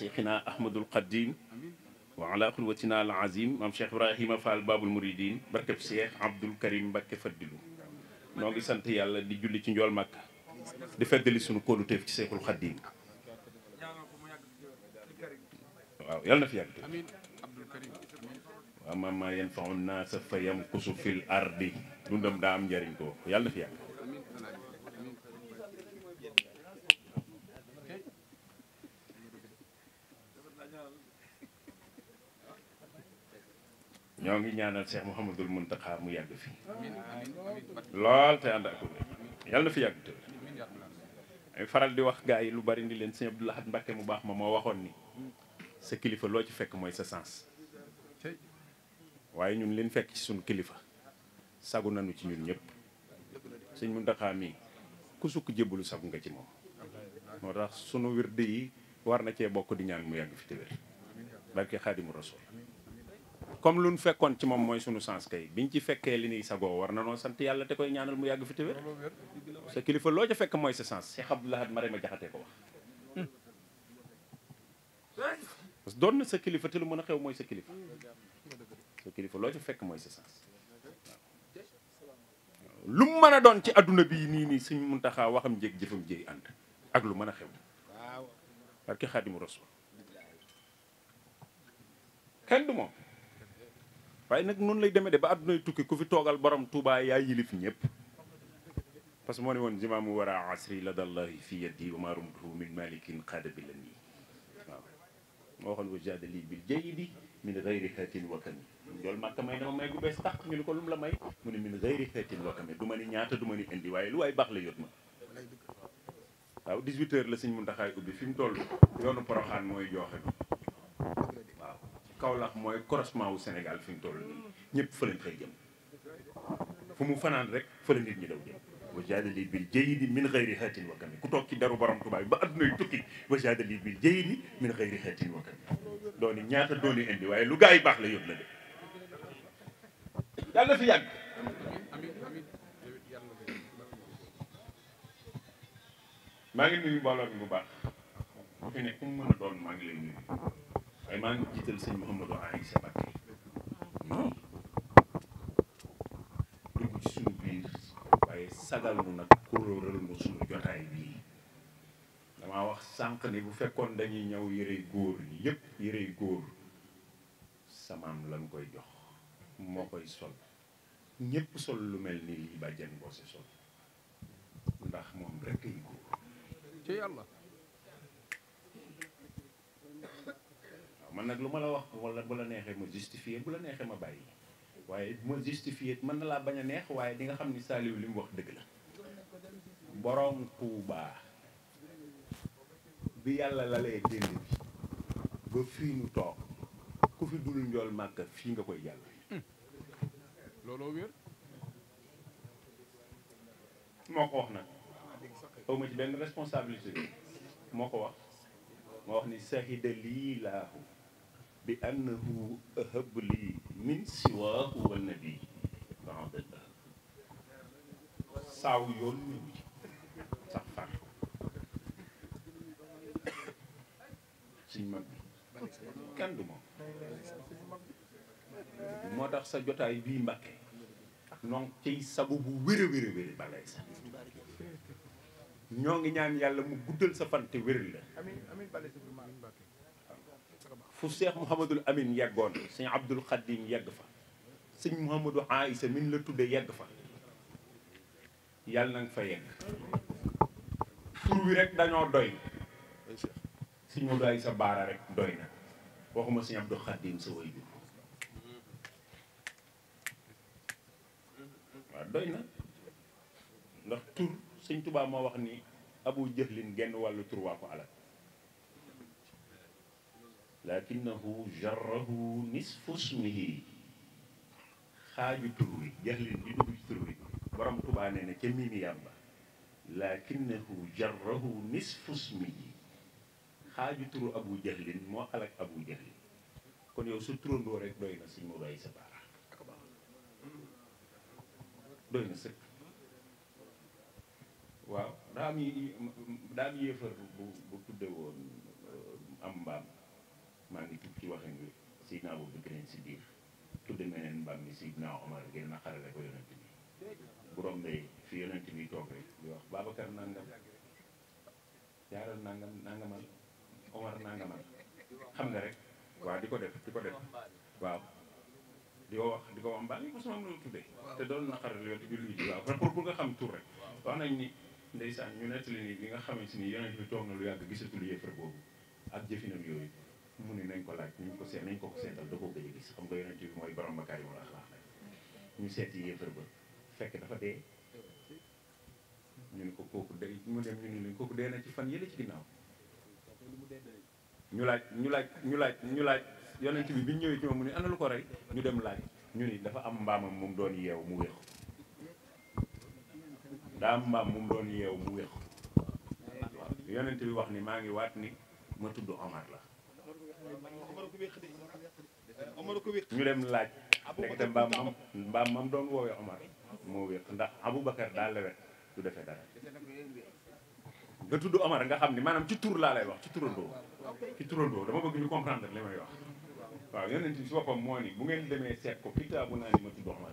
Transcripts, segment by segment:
seyxina ahmadul qadim wa ala xulwatina al azim maam cheikh ibrahima fall babul muridin barkab cheikh abdul karim mbakke faddilu noo ngi sant yàlla di julli ci njool màkk di sunu suñu kóoluteef ci seexul xaddim waaw yàlla fi yàgg waaw maam maa yanfau naasa fa yamkusu fil ardi dundam daa am ko yàlla ñoo ngi ñaanal Cheikh Mouhamadul Mountakha mu yàgg fi lool te ànd ak yàlla na fi yàgg te ay faral di wax gars yi lu bari ni leen sëñ Abdou Lahad Mbacké mu baax ma moo waxoon ni sa kilifa loo ci fekk mooy sa sens waaye ñun leen fekk ci suñu kilifa sagu nañu ci ñun ñëpp sëñ Mountakha mii ku sukk jébbalu sagu nga ci moom moo tax sunu wir yi war na cee bokk di ñaan mu yàgg fi te barke Xaadimu Rasuul comme lu ñu fekkoon ci moom mooy sunu sens kay biñ ci fekkee li ñuy sagoo war na sant yàlla te koy ñaanal mu yàgg fi te wér sa kilifa loo ca mooy sa sens Cheikh Abdou Lahad Marema Jaxate ko sa kilifa te lu mën a xew mooy sa kilifa loo ca fekk mooy sa sens a doon ci àdduna bi nii nii suñ muntaxaa waxam njéeg jëfam jéey ànd ak lu mën a xew parce que xaadimu rasul kenn du moom waaye nag noonu lay demee de ba àddunay tukki ku fi toogal borom Touba yaa yilif ñëpp parce que moo ne woon zimaamu wara asri la dallahi fi yaddi wa ma rumtuhu min malikin qaada bi la nii waaw moo waxoon wa jaadali bil jayidi min gayri xeetin wakkami loolu màkk may dama gu bees tàq ñu ne ko lu mu la may mu ne min gayri xeetin wakkami du ma ñaata du ma ni indi waaye lu waay baax la yót ma waaw 18 heures la Sëñ Muntaxaay ubbi fi mu toll yoonu poroxaan mooy jooxe Kaolack mooy croisement wu Sénégal fi mu toll nii ñëpp fële nga koy jëm fu mu fanaan rek fële nit ñi daw jëm. wa jaadali bil jayidi min xayri xeetin wa kami ku toog ci daru borom tubaab ba addunay tukki wa jaadali bil jayidi min xayri xeetin wa kami dooni ñaata dooni indi waaye lu gaa yi baax la yóbbu la de. yàlla fi yàgg. maa ngi nuyu mbooloo mi bu baax. bu fi ne ku mu mën a doon maa ngi lay nuyu. waaye maa ngi jiital sëñ Mouhamadou Aïssa Mbacké ah. dugg ci suñu biir waaye sagal nu nag kuróoral mu suñu jotaay bii damaa wax sànq ni bu fekkoon dañuy ñaw yërey góor yëpp yërey góor samaam lañ koy jox moo koy sol ñépp sol lu mel ni lii bàjjen boo si sol ndax moom rekk ay góor ci yàlla man nag lu ma la wax wala bu la neexee ma justifié bu la neexee ma bàyyi waaye bu ma justifié mën na laa bañ a neex waaye dinga xam ni Saliou li mu wax dëgg la borom Touba bi yàlla la lay dénd bi ba fii nu toog ku fi dul njool màkk fii nga koy jàll moo ko wax nag aw ma ci benn responsabilité moo ko wax moo wax ni sahida lii laahu bi annahu ahab li min siwaahu wa nabi baadallah saaw yoon niw sax far suñ mag bi kenn du moom moo tax sa jotaay bii Mbàkke donc ciy sabu bu wér a wér a sax ñoo ngi ñaan yàlla mu guddal sa fante wér la fu seex Mouhamadul Amin yeggoon sëñ Abdul Xadim yegg fa sëñ Mouhamadou Aïssa min la tudde yegg fa yàlla na nga fa yegg tur wi rek dañoo doy sëñ Mouhamadou Aïssa Baara rek doy na waxuma sëñ Abdul Xadim sa waajur waaw doy na ndax tur sëñ Tuubaa moo wax ni abu jëxlin genn wàll tur waa ko alal lakinnahu jarrahu nisfu ismihi xaaju tur wi bi dugg ci tur borom tubaa na ca miimi yàmba lakinnahu jarrahu nisfu ismihi xaaju turu abu jaxlin moo alak abu jaxlin kon yow su turandoo rek doy na suñ mu doy sa baara doy na sëkk waaw daa am daa yéefar bu bu tudde woon am mbaam maa ngi tudd ci waxin bi Seydina boobu dugg nañ a biir tudde meneen mbaam mi Seydina Omar ko yonent bi bu rombee fi yonent bi toog rek di wax Babacar nangam jaaral nangam nangamal Omar nangamal xam nga rek waa di ko def di ko def waaw di ko wax di ko wax mbaam yi mosuma am lu tuddee te doon na xarale yonent bi luy ji waaw pour pour nga xam tur rek wax nañ ni ndeysaan ñu nettali ni li nga xamante ni yonent bi toog na lu yàgg gisatul yëfër boobu ak jëfinam yooyu mu ne nañ ko laaj nañ ko seet nañ ko ko seetal da koo gëj a gis xam nga yonent bi mooy borom bakkaar yi mu la ñu seet yi yéefar ba fekk dafa dee ñu ne ko kooku de mu dem ñu ni leen kooku dee na ci fan yële ci ginnaaw ñu laaj ñu laaj ñu laaj ñu laaj yonent bi bi ñu ñëwee ci moom mu ne ana lu ko rey ñu dem laaj ñu ni dafa am mbaam mbaamam moom doon yeew mu wéex daa am mbaam moom doon yeew mu wéex waaw yonent bi wax ni maa ngi waat ni ma tudd Omar la ñu dem laaj ndekete mbaam am mbaam am doon woowee Omar moo wéq ndax Aboubacar daal lewet du defee dara nga tudd Omar nga xam ni maanaam ci tur laa lay wax ci turandoo ci turandoo dama bëgg ñu comprendre li may wax waaw yonent bi si boppam moo bu ngeen demee seet ko kitaabu naa ni ma tudd Omar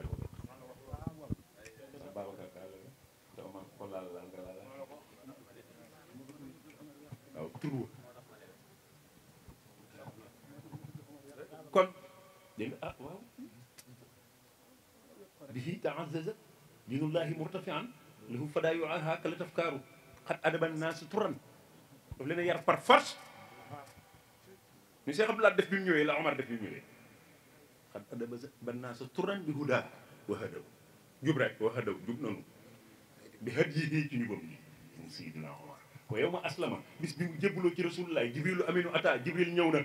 Omar ko laal laal dégg nga ah waaw bihi taazzaza dinullahi murtafian lahu fadaayu haka la tafkaaru xat adaban naasi turan daf leen a yar par force ñu Cheikh Abdoulaye def bi mu ñëwee la Omar def bi mu ñëwee xat adaban naasi turan bi hudaa wa hadaw jub rek wa hadaw jub nanu bi hët yi nii ci njubam yi Seydina Omar ko yow ma aslama bis bi mu jébbaloo ci rasulullah jibrilu aminu ata jibril ñëw na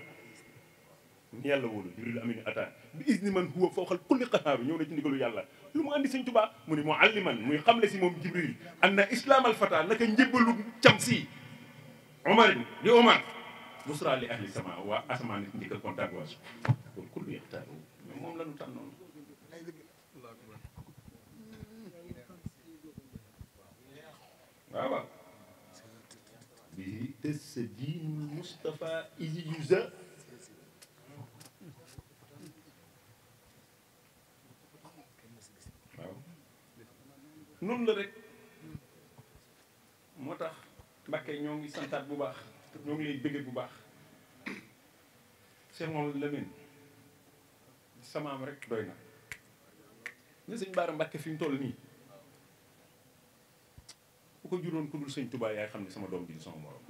yàlla wóolu jibril amin ataan bi isni man huwa fawxal kulli qahaaru ñëw na ci ndigalu yàlla lu mu andi sëñ tubaa mu ni mu alliman muy xamle si moom jibril an na islam al fata naka njëbbalu cam si omar li omar busra li ahli sama waa asamaan nit njëkk a kontaan waasu loolu kullu yaxtaaru moom la ñu tànn noonu waaw waaw bi tës sa diin Moustapha Izi Yuza noonu la rek moo tax Mbàkke ñoo ngi santaat bu baax ñoo ngi lay bëgg bu baax Cheikh moom sama am rek doy na ne sëñ Baara Mbàkke fi mu toll nii bu ko juróon ku dul sëñ Tuubaa yaay xam ne sama doom bi sama morom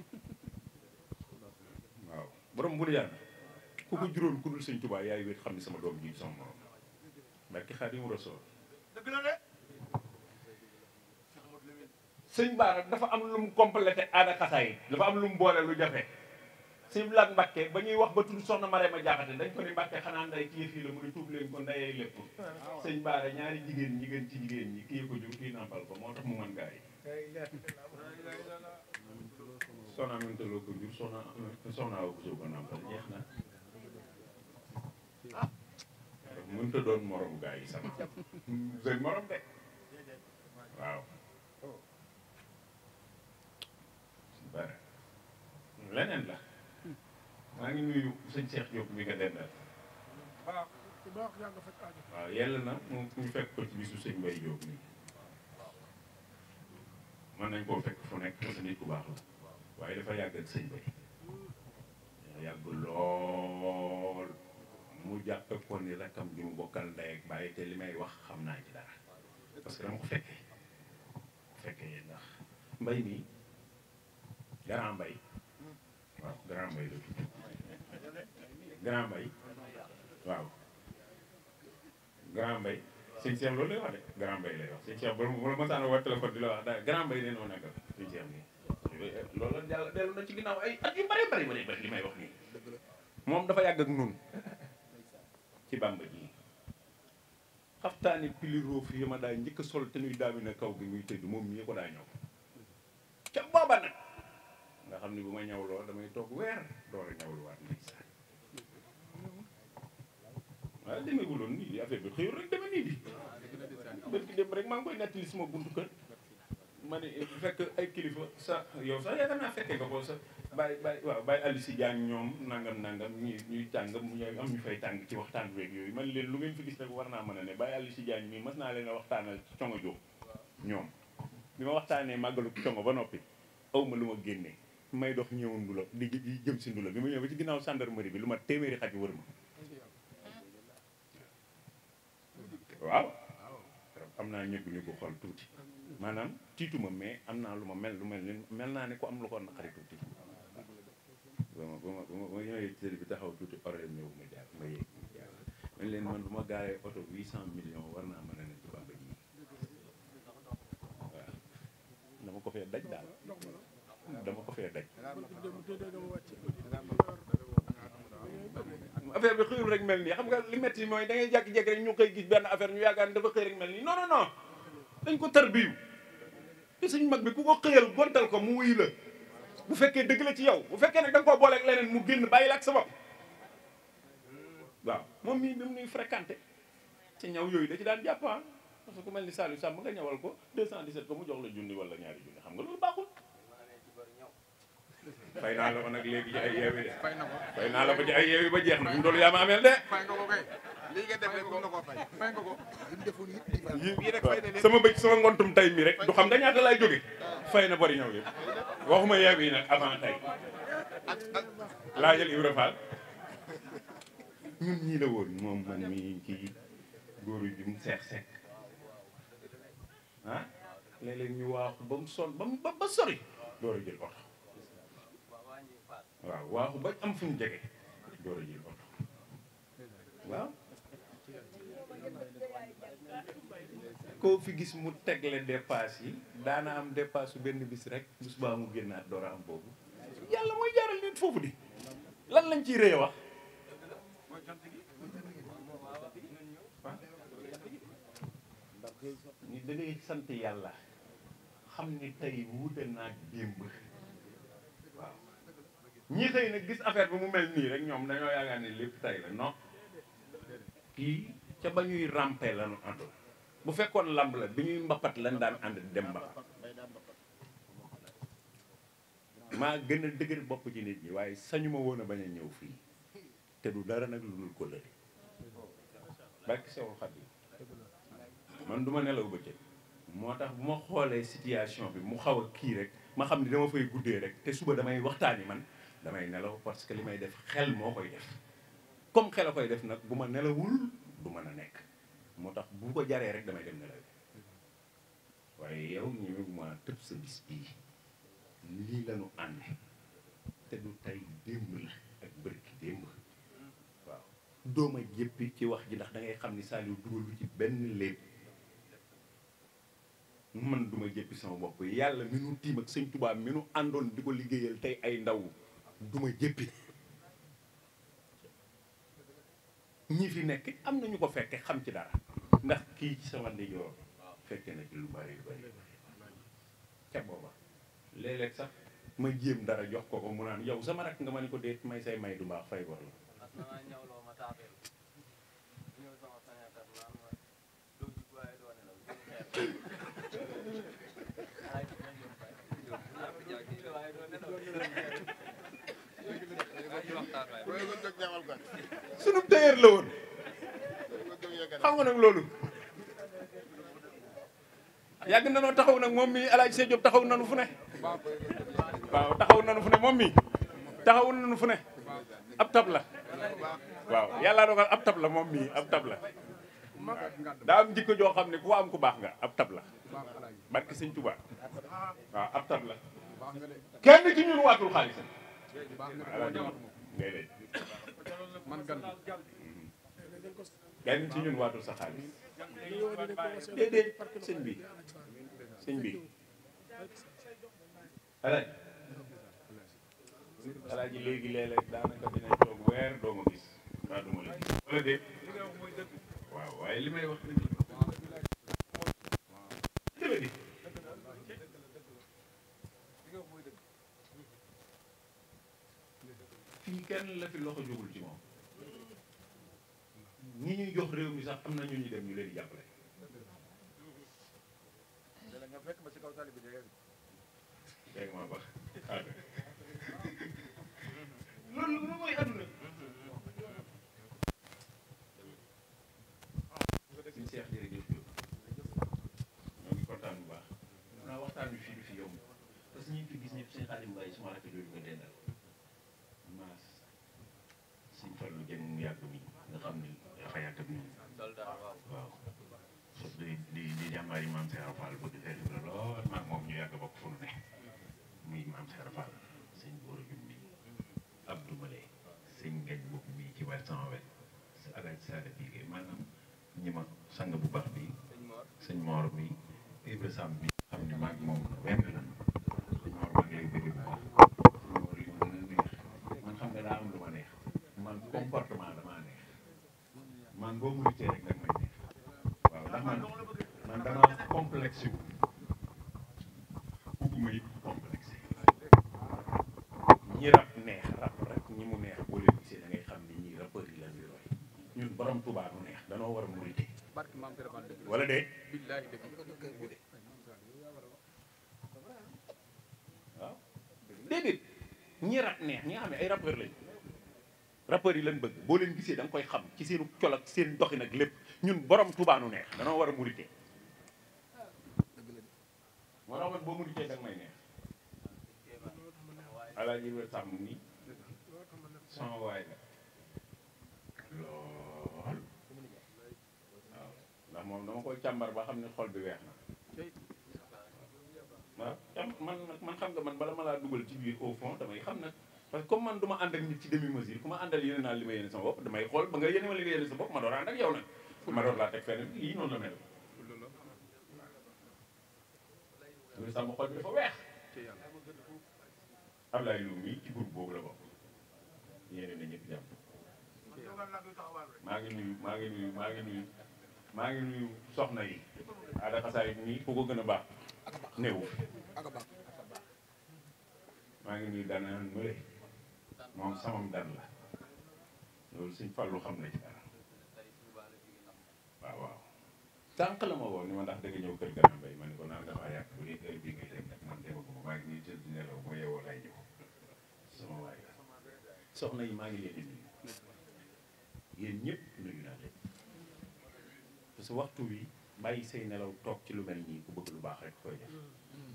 waaw borom bu yàlla ku ko juróon ku dul sëñ Tuubaa yaay wéet xam ne sama doom bi sama morom Mbàkke Xaadimu Rasuul sëñ Baara dafa am lu mu complété aada dafa am lu mu boole lu jafe sëñ Lat Mbàkke ba ñuy wax ba tudd soxna ma Jaxate dañ ko ni Mbàkke xanaa nday kii yëf yi la mu ne tuub leen ko ndayee lépp sëñ Baara ñaari jigéen ñi gën ci jigéen ñi kii ko jur kii nàmpal ko moo tax mu mën gaa yi soxna amintaloo ko jur soxna soxna aw ko ko nàmpal jeex na mënta doon morom gaa yi sama sëñ morom de waaw bara leneen la maa ngi nuyu sëñ Cheikh Diop mi nga dendal waaw yàlla na moom mu fekk ko ci bisu sëñ Mbaye Diop nii mën nañ koo fekk fu nekk parce nit ku baax la waaye dafa yàgg ak sëñ Mbaye yàgg lool mu jàpp ko ni rakkam mu bokkal ndey ak bàyyi te li may wax xam naa ci dara parce que dama ko fekkee fekkee ndax mbay nii grand mbay waaw grand mbay la tudd loolu lay wax de grand mbay lay wax sëñ Cheikh bu moom dafa yàgg ak nun ci bàmba ji xaftaani pili roof yi ma daa njëkk sol te nuy daawi na kaw gi muy tëdd moom mii ko daa ñëw ca booba nag xam ni bu ma ñawloo damay toog weer door a ñawluwaat ndeysaan waaw demeegul woon nii affaire bi xëyul rek deme nii di bërki dem rek maa koy nettali sama buntu kër ma ne eh, fekk ay kilifa sa yow sax a naa fekkee nga ko sax bàyyi bàyyi waaw bàyyi Aliou si jàng ñoom nangam nangam ñuy ñuy mu ñooy am ñu fay tàng ci waxtaan beeg yooyu man leen lu ngeen fi gis rek war naa mën a ne bàyyi Aliou si jàng mii mas naa leen a waxtaanal congo jóg ñoom bi ma waxtaanee màggalu ba noppi awma lu ma génnee may dox ñëwoon ndula li jëm si ndula bi ma ñëw ba ci ginnaaw gendarmerie bi lu ma téeméeri xaj wër ma waaw am naa ñëpp ñu ko xool tuuti maanaam tiituma mais am naa lu ma mel lu mel ni mel naa ne ku am lu ko naqari tuuti ba ma ba ma ba ma ñëwee sëriñ bi taxaw tuuti orel ñëw ma jaar ma yéeg man leen man bu ma gaaree oto huit cent million war naa mën a ne ci bàmba ji waaw dama ko fee daj daal dama ko fee daj. affaire bi xëyul rek mel nii xam nga li métti mooy da ngay jékki-jékki rek ñu koy gis benn affaire ñu yaakaar ni dafa xëy rek mel nii non non non dañ ko tarbiyu te suñ mag bi ku ko xëyal gontal ko mu wuyu la bu fekkee dëgg la ci yow bu fekkee nag da nga koo booleeg leneen mu génn bàyyi la ak sa bopp waaw moom mii bi mu nuy fréquenté ci ñaw yooyu da ci daan jàpp ah parce que ku mel ni Saliou Samb nga ñawal ko 217 ko mu jox la junni wala ñaari junni nga loolu baaxul. fay naa la ko nag léegi ay yeewi naa la ko ci ay yeewi ba jeex na bu mu doolu yaa ma ameel de sama bëcc sama ngontum tay mi rek du xam dañaata laay jóge fay na bari ñëw yëpp waxuma yeewi nag avant tay laajal Ibra Fall ñun ñii la woon moom man mi kii góoru bi mu seex sekk ah léeg ñu waaxu ba mu sol ba ba sori a waaw waaxu ba am fu ñu jege door a jël oto waaw koo fi gis mu tegle dépasse yi daana am dépasse benn bis rek bis baa mu génnaat door a am boobu yàlla mooy jaaral nit foofu di lan lañ ciy rëy wax ni da sant yàlla xam ni tey wuute naag démb ñi xëy nag gis affaire bi mu mel nii rek ñoom dañoo yaakaar ne lépp tay la non kii ca ba ñuy rampe la ñu bu fekkoon làmb la bi ñuy mbapat lañ daan ànd dem mbapat maa gën a dëgër bopp ci nit ñi waaye sañu ma woon a bañ a ñëw fii te du dara nag lu dul ko lëri barki sewul xat yi man du ma nelaw bëccëg moo tax bu ma xoolee situation bi mu xaw a kii rek ma xam ni dama fay guddee rek te suba damay waxtaani man damay nelaw parce que li may def xel moo koy def comme xel a koy def nag bu ma nelawul du mën a nekk moo tax bu ko jaree rek damay dem nelaw waaye yow ñu ma tëb sa bis lii lañu ànde te du tey démb la ak bërki ci wax ji ndax da xam ni Saliou dugalu ci benn lépp man duma jéppi sama bopp yàlla mi nu tiim ak tubaab mi nu àndoon di ko liggéeyal tey ay ndaw du ma jéppi ñi fi nekk am nañu ko fekkee xam ci dara ndax kii ci sama ndijoor fekke na ci lu bari bari ca booba léeg sax ma jéem dara jox ko ko mu naan yow sama rakk nga ma ne ko déet may say may du fay war la sunu téyeer la woon xaw nga nag loolu yàgg na noo taxaw nag moom mii El Hadj Sey Diop taxaw na nu ne waaw taxaw nanu fu ne moom mii taxaw nanu fu ne ab tab la waaw yàlla dogal ab tab la moom mi ab tab la daa am jikko joo xam ne ku am ku baax nga ab tab la barki sëñ Tuubaa waaw ab tab la kenn ci ñun waatul xaalis déedéet man gan gan ci ñun waatul sa xaalis déedéet sëñ bi sëñ bi alaaj alaaj léegi léeg-léeg daanaka dinañ toog weer doo gis mbaa du la gis waaw waaye li may wax fii kenn la fi loxo jógul ci moom ñi ñuy jox réew mi sax am na ñu ñu dem ñu leen di jàppale. dégg maa baax loolu lu mooy àdduna. suñu seex jërëjëf Diop ñoo ngi kontaan bu baax. naa waxtaan bi fii du fi yomb parce que ñu fi gis ñëpp seen xaalis mbay suma rakk jooju nga dendal. jëng mu yàgg mi nga xam ni dafa yàgg mi waaw di di di jàmbaar yi maam Seera Fall bëgg moom ñu yàgg bokk fu ne muy maam Seera Fall sëñ Góor Jum mi Abdou Mbale sëñ Gañ boobu mii ci wàll sama wet si alaaj saada bii maanaam ñi ma sang bu baax bi sëñ Moor bi Ibra Sam bi xam ni maag moom na man boo mu rek nag may neex waaw ndax man man damaa complexe wu ñi rab neex rab rek ñi mu neex boo leen gisee da xam ni ñi rappeurs yi la ñuy roy ñun borom Tuubaa nu neex danoo war a murite wala de waaw déedéet ñi rab neex ñi nga xam ne ay rappeurs lañu rappeurs yi lañ bëgg boo leen gisee da koy xam ci seenu col ak seen doxin nag lépp ñun borom tubaanu neex danoo war a murite moo tax da nga may neex alaa jir wa waaw ndax moom dama koy càmbar ba xam ne xol bi weex na man man man xam nga man bala ma laa dugal ci biir au fond damay xam nag parce que comme man duma ma ànd ak nit ci demi mesure ku ma àndal yéene naa li ma yéene sama bopp damay xool ba nga yéene ma li nga yéene sa bopp ma door ànd ak yow nag ma door sama xol bi dafa weex Ablaye Loum na ñëpp jàmm maa ngi nuyu maa ngi nuyu gën a baax ngi moom samam gan la loolu sëñ Fallou xam na ci waaw waaw sànq la ma woo ni ma ndax dëgg ñëw kër Gana Mbaye ma ne ko naan damaa yàq nga dem nag maa ngi nii tëdd di nelaw ma yeewoo soxna yi maa ngi leen di nuyu yéen ñëpp nuyu naa leen parce que waxtu wi bàyyi say nelaw toog ci lu mel ñi ku bëgg lu baax rek koy def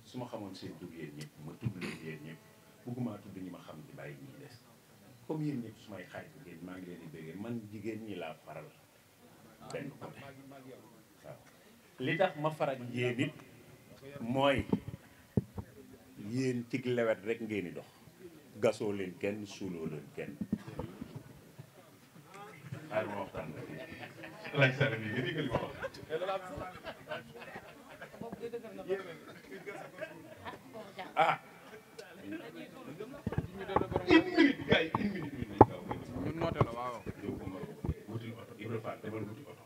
su ma xamoon seen dugg yéen ñëpp ma tudd leen yéen ñëpp bëgguma tudd ñi ma xam di bàyyi ñii des comme yéen ñëpp sumay xarit maa ngi leen di man jigéen ñi laa faral benn côté waaw li tax ma faral yéen it mooy yéen cig lewet rek ngeen di dox gasoo leen kenn suuloo leen kenn xaar une minute gars yi une minute. ñun moo teel a waaw. wutil oto Ibra Fall demal wuti oto.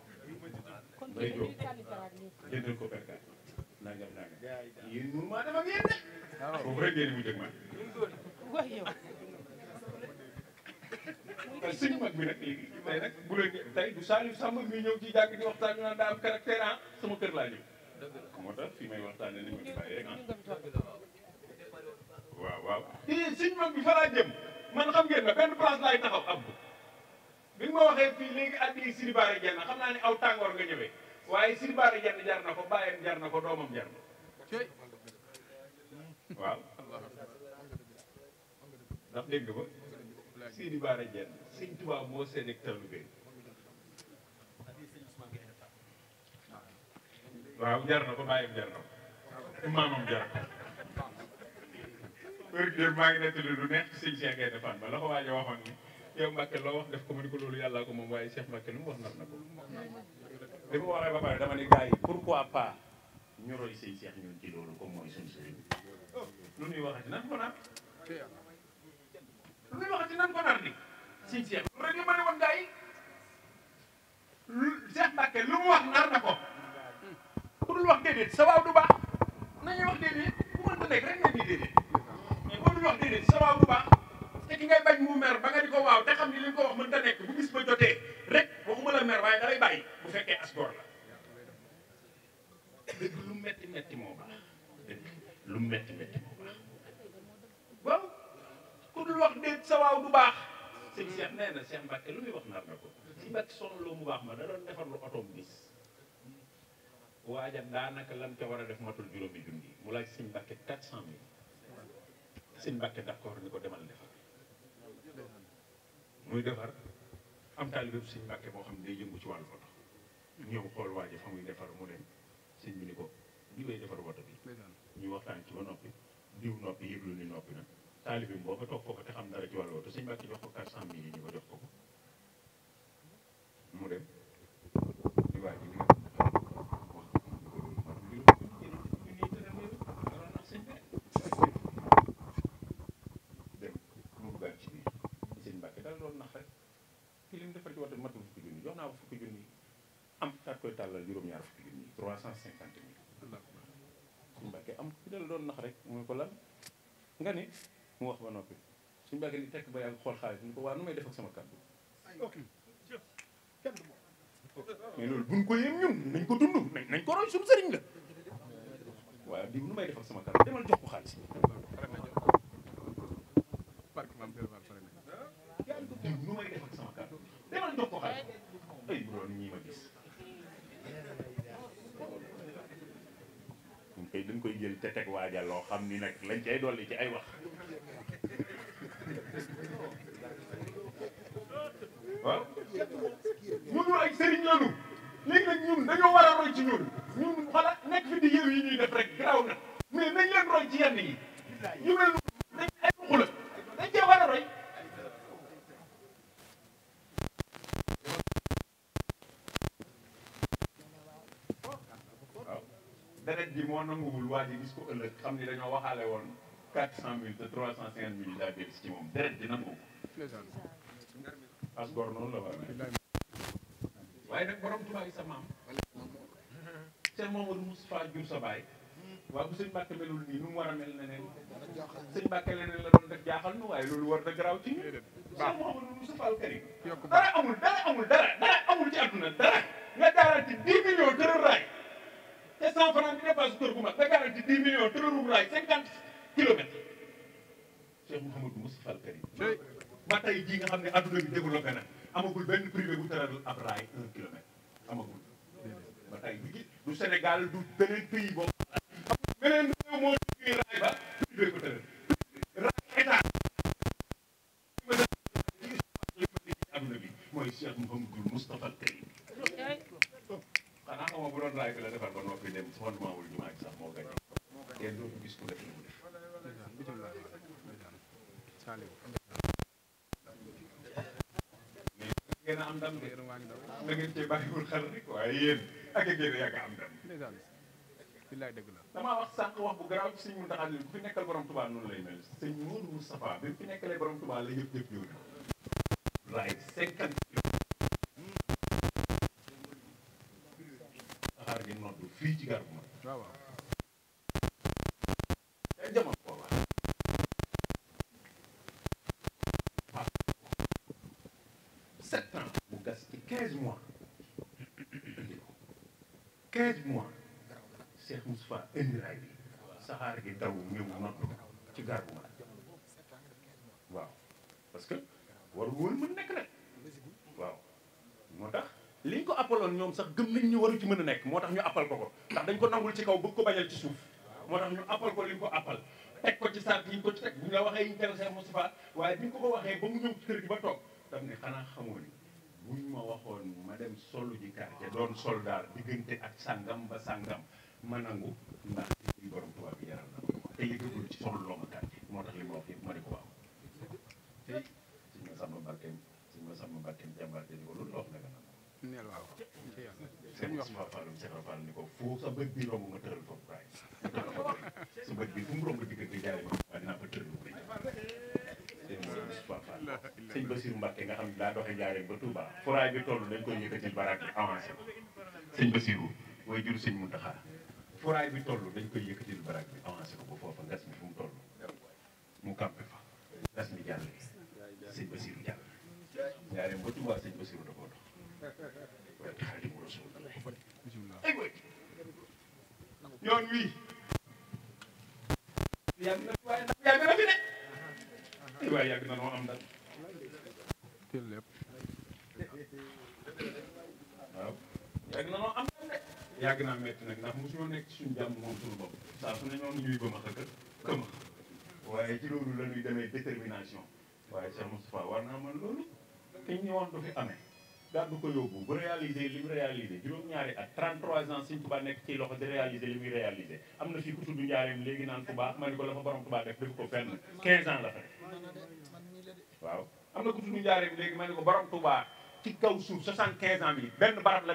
ngay jóg jëndal ko perkaat nangam nangam. yéen ñun maa dem ak yéen de. foofu rek ngeen di mujj ak man. parce que suñu mag bi nag léegi tey nag bu leen tey du Saliou Samb mi ñëw ci jàkk di waxtaan ñu naan daa am caractère ah sama kër laa ñëw. moo tax fii may waxtaanee nañu ma ci bàyyi rek ah. waaw waaw fii suñ mag bi fa laa jëm man xam ngeen na benn place laay taxaw am bi nga ma waxee fii léegi addi Sidi Bara Dieng xam naa ne aw tàngoor nga ñëwee waaye Sidi Bara Dieng na ko bàyyam jar na ko doomam jar na waaw ndax dégg ba Sidi Bara Dieng sëñ jar na ko bàyyam jar na ko maamam jar heure bi maa ngi nettali lu neex sëñ Cheikh Gaynde Fatma ko waaj a waxoon ni yow Mbacke loo wax ko mu ni ko loolu ko moom waaye Cheikh lu mu wax nar na ko. lu a woon gars yi mu wax nar na ko ku dul wax déedéet sa du baax nañuy wax déedéet ku mën ko nekk rek ñu wax déedéet sa waaw bu ba nga ko waaw te xam ni li ko wax mën ta nekk bu gis ba jotee rek waxuma la bu fekkee as góor lu metti metti moo baax dëgg lu metti metti baax waaw ku dul wax déet sa waaw du baax sëñ Cheikh nee na Cheikh lu muy wax nar na ko si Mbacke solo loo mu baax ma da doon defar lu otoom bis waaja daanaka lam ca war a def matul juróomi junni mu laaj sëñ Mbacke quatre cent mille sëñ Mbàkke d'accord ni ko demal defar muy defar am taalibeeb sëñ Mbàkke boo xam ne day yëngu ci wàllu oto ñëw xool waaje fa muy defar mu dem sëñ bi ni ko di koy defar oto bi ñu waxtaan ci ba noppi diw noppi yëglu ni noppi na taalibeem boo fa toog foofu te xam dara ci wàllu oto sëñ Mbàkke jox ko quatre cent mille yi ñu ko jox ko ko doon nax rek mu ne ko lan nga ni mu wax ba noppi suñu bàggee ni tekk ba yàgg xool xaalis ni ko waa nu may def ak sama kàddu mais loolu buñ ko yéem ñun nañ ko dund nañ nañ ko roy suñu sëriñ la waaw diw nu may def ak sama kàddu demal jox ko xaalis diw nu may def ak sama kàddu demal jox ko xaalis ay bu doon ñii ma gis jël te teg waaja loo xam ni nag lañ cay dolli ci ay wax ñun ñun ñun xala nekk fi di yëw yi ñuy quatre cent mille te trois cent cinquante mille daa génn ci moom deret dina moom as gor noonu la war waaye nag borom sa baay a mel neneen waaye loolu war na garaaw ci ñu Cheikh Mamadou Moustapha al Karim dara amul dara amul dara dara dara nga garanti dix millions tërër raay te cent kilomètres Cheikh Mouhamadou Moustapha Al Karim ba tey jii nga xam ne adduna bi na amagul benn privé bu tëral ab raay un kilomètre amagul ba tey jii du du beneen pays boobu beneen réew moo jëlee raay ba privé ko tëral raay état adduna bi mooy Cheikh Mouhamadou Moustapha Al Karim xanaa xamoo bu raay bi la defar ba noppi dem fondement wul jumaa ji sax moo gañ kenn dootu gis ku def mu def ngeen a am ndam de da ngeen cee bàyyiwul xel rek waaye yéen ak ak yéen yàgg am ndam billaay dëgg la damaa wax sànq wax bu garaaw ci sëñ Mountakha bu fi nekkal borom Touba noonu lay mel sëñ Modou Moustapha bi fi nekkalee borom Touba la yëpp yëpp ñëw na laay cinquante taxaar gi noddu fii garab ma waaw quinze mois indi ko quinze mois Cheikh Moustapha indi raay bi saxaar gi daw ñëw nodd ci gaar bu waaw parce que waru woon mën nekk nag waaw moo tax li ñu ko appaloon ñoom sax gëm nañ ñu waru ci mën a nekk moo tax ñu appal ko ko ndax dañ ko nangul ci kaw bëgg ko bañal ci suuf moo tax ñu appal ko li ñu ko appal teg ko ci sart yi ñu ko ci teg bu ñu la waxee ñu tel Cheikh Moustapha waaye bi ñu ko ko waxee ba mu ñëw ci kër gi ba toog daf ne xanaa xamoo ni bu ñu ma waxoon ma dem solu ji quartier doon soldaar diggante ak sàngam ba sàngam ma nangu ndax li te yëgagul ci solu loo ma quartier moo tax li ma wax ma ne ko waaw te suñ ma sàmm mbàkkeem suñ ma sàmm mbàkkeem jàmbaar te ni na gannaaw neel waaw seen wax ni ko foo sa bët bi romb ma tëral foofu kaay sa bët bi fu mu romb diggante jaay ma waaye naa fa tëral bu rëy Subhanahu sëñ Bassirou Mbacké nga xam ne daa doxee jaaree ba Touba foraay bi toll dañ koy yëkkatil baraak bi avancé sëñ Bassirou way jur sëñ Mountakha foraay bi toll dañ koy yëkkatil baraak bi avancé ko ba foofa ngas mi fu mu mu campé fa ngas mi jàll sëñ Bassirou jàll jaaree ba Touba sëñ Bassirou da koo dox barki Xaadimu Rasuul ay way ñoon wii yàgg a métti nag ndax mosuñoo nekk ci suñu jàmm moom suñu bopp saa su ne ñoom ñuy bëma xëkk këma waaye ci loolu la ñuy demee détermination waaye Cheikh Moustapha war naa mën loolu te ñu ñëwoon du fi amee daal ko yóbbu bu réaliser li mu réaliser juróom-ñaari at 33 ans Sëñ Tuubaa nekk ci loxo di réaliser li muy réaliser am na fii ku tudd njaareem léegi naan Tuubaa ma ni ko la fa borom Tuubaa def def ko fenn 15 ans la fa waaw am na ku tudd njaareem léegi ma ni ko borom Tuubaa ci benn barab la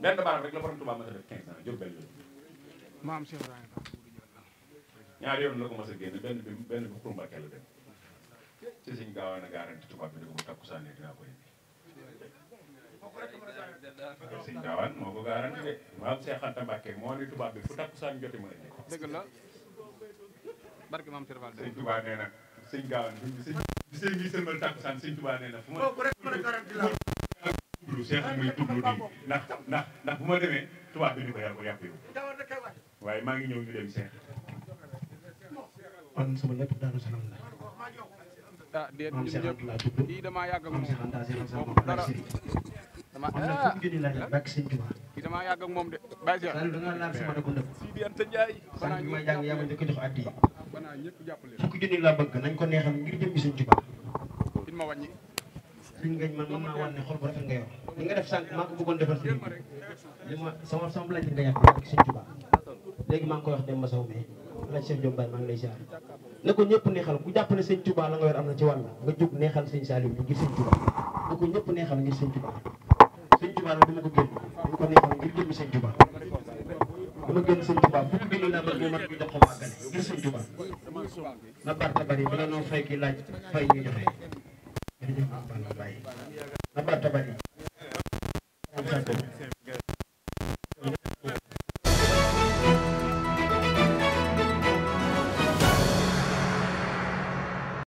benn baram rek la borom Tuubaa mës a def 15 ans Jurbel yooyu ñaari yoon la ko mës a génn benn bi benn bi Xurmbakke la dem ci sëñ gaawaan a garanti tubaab bi ne ko bu takkusaanee dinaa ko indi sëñ gaawaan moo ko garanti de maam Seex Anta Mbàkke moo ni tubaab bi fu takkusaan jotee ma indi ko dëgg la barke maam Seex Fall sëñ Tuubaa nee na sëñ gaawaan bi sëñ bi sëñ bi sëlmal takkusaan sëñ Tuubaa nee na fu ma tudd Cheikh ak may tudd lu di ma demee tubaab bi ni ko yàqu yàqu yow waaye maa ngi ñëw ñu dem Cheikh. kon sama lépp Daaru Salaam la. ah déet moom moom dara dama ah lii damaa yàgg ah. sama dëkk ndëkk. Sidi njëkk jox addi yi. banaa ñëpp laa bëgg nañ ko neexal ngir jëm bi Sëñ suñ gañ man mën naa wan ne xol bu nga yor li nga def sànq maa ko bëggoon defal si li ma sama sama blañ nga yàq ak suñ tubaab léegi maa ngi koy wax dem ba saw mais laaj Cheikh Diop Baye maa ngi lay siyaar ñëpp neexal ku jàpp ne sëñ Touba la nga yor am na ci wàll nga jóg neexal sëñ Saliou bi ngir sëñ Touba na ko ñëpp neexal ngir sëñ Touba sëñ Touba la dama ko génn dañ ko neexal ngir jëmmi sëñ Touba dama génn sëñ Touba bu ko génnoon naa bëgg mu mat bi def ko màggale ngir sëñ Touba na barta bari bala noo fay ki laaj fay ñu joxe te bañ a